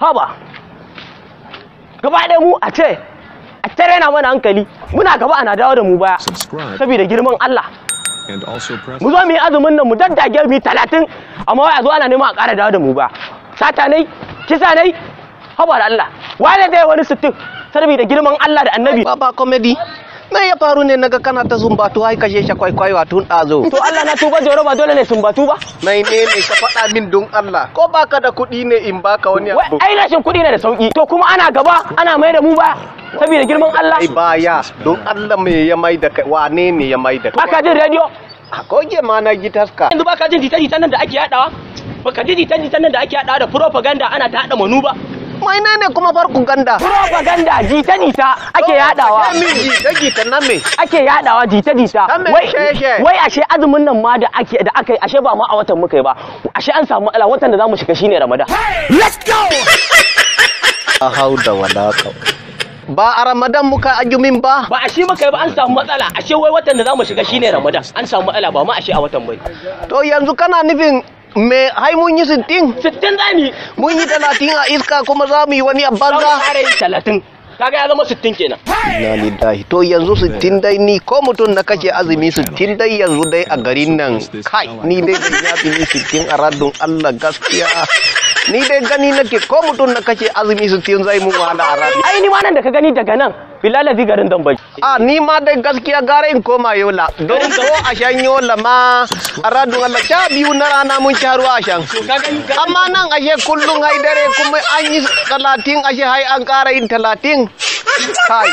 saba gaba ɗaya mu a ce a tare na mana hankali muna gaba ana dawo da mu baya saboda girman Allah mu zo mu yi azumin nan mu daddage mu yi talatin amma wai a zo ana neman a ƙara dawo da mu ba sata nai kisa nai haba da Allah wani dai wani sittin saboda girman Allah da annabi ba ba comedy me ya faru ne naga kana ta to ai kashe shi kwaikwayo tun dazo to Allah na tuba joro ba dole ne zumba ba mai ne ne ka faɗa min don Allah ko baka da kuɗi ne in baka wani abu ai rashin kuɗi ne da sauki to kuma ana gaba ana mai da mu ba saboda girman Allah ai baya don Allah me ya mai da kai wane ne ya mai da kai aka jin radio ko je ma na gitaska yanzu baka jin jita-jitan nan da ake yadawa baka ji jita-jitan nan da ake yadawa da propaganda ana ta hada manu ba Mai ne ne kuma farkuganda. Propaganda jita nita ake yadawa. Jita jita na me? Ake yadawa jita jita. Wai wai ashe azumin nan ma da ake da akai ashe ba ma a watan muka yi ba. Ashe an samu ala watan da zamu shiga shine Ramadan. Let's go. A hau da wadaka. Ba a Ramadan muka ajumin ba. Ba a shi muka yi ba an samu matsala. Ashe wai watan da zamu shiga shine Ramadan. An samu matsala ba ma ashe a watan bai. To yanzu kana nufin me hai mun yi sittin sittin za ni. mun yi talatin a iska kuma za mu yi wani a banza talatin kaga ya zama sittin kenan na lillahi to yanzu sittin dai ni ko mutum na kashe azumi sittin dai yanzu dai a garin nan kai ni dai da ya fi sittin a allah gaskiya ni dai gani nake ko mutum na kake azumi su tun zai mun wahala a rana ai ni ma nan da ka gani daga nan bilala zai garin dan a ni ma dai gaskiya gara in koma yola don ko a shan yola ma a radu Allah ta biyu na rana mun ci a shan amma nan ashe kullum haidare kuma an yi talatin ashe hai an kara yin talatin kai